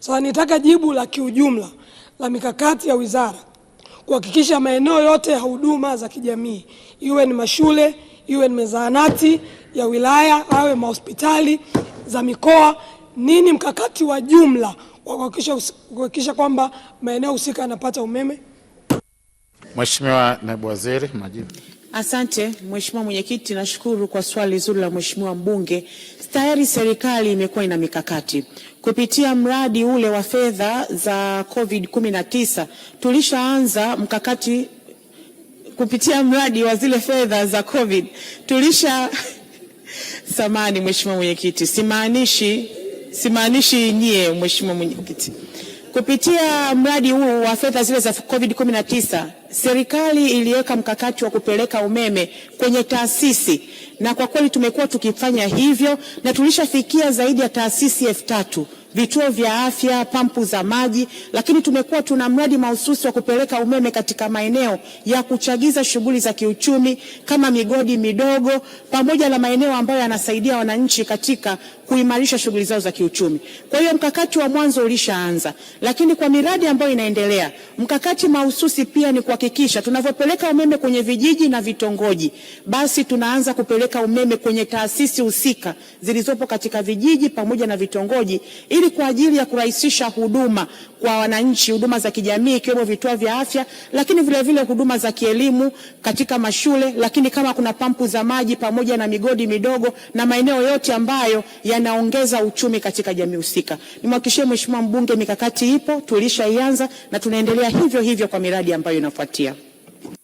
Sasa nitaka jibu la kiujumla la mikakati ya wizara kuhakikisha maeneo yote ya huduma za kijamii, iwe ni mashule, iwe ni mazahanati ya wilaya, awe mahospitali za mikoa. Nini mkakati wa jumla wa kuhakikisha kwamba maeneo husika yanapata umeme? Mheshimiwa Naibu Waziri, majibu. Asante Mheshimiwa Mwenyekiti, nashukuru kwa swali zuri la Mheshimiwa mbunge. Tayari serikali imekuwa ina mikakati kupitia mradi ule wa fedha za COVID 19 tulishaanza mkakati kupitia mradi wa zile fedha za COVID tulisha samani Mheshimiwa Mwenyekiti, simaanishi simaanishi nyie Mheshimiwa Mwenyekiti. Kupitia mradi huu wa fedha zile za COVID 19 serikali iliweka mkakati wa kupeleka umeme kwenye taasisi, na kwa kweli tumekuwa tukifanya hivyo na tulishafikia zaidi ya taasisi elfu tatu vituo vya afya, pampu za maji, lakini tumekuwa tuna mradi mahususi wa kupeleka umeme katika maeneo ya kuchagiza shughuli za kiuchumi kama migodi midogo pamoja na maeneo ambayo yanasaidia wananchi katika kuimarisha shughuli zao za kiuchumi. Kwa hiyo mkakati wa mwanzo ulishaanza, lakini kwa miradi ambayo inaendelea, mkakati mahususi pia ni kuhakikisha tunavyopeleka umeme kwenye vijiji na vitongoji, basi tunaanza kupeleka umeme kwenye taasisi husika zilizopo katika vijiji pamoja na vitongoji, ili kwa ajili ya kurahisisha huduma kwa wananchi, huduma za kijamii ikiwemo vituo vya afya, lakini vile vile huduma za kielimu katika mashule, lakini kama kuna pampu za maji pamoja na migodi midogo na maeneo yote ambayo ya yanaongeza uchumi katika jamii husika. Nimhakikishie Mheshimiwa mbunge mikakati ipo, tulishaianza na tunaendelea hivyo hivyo kwa miradi ambayo inafuatia.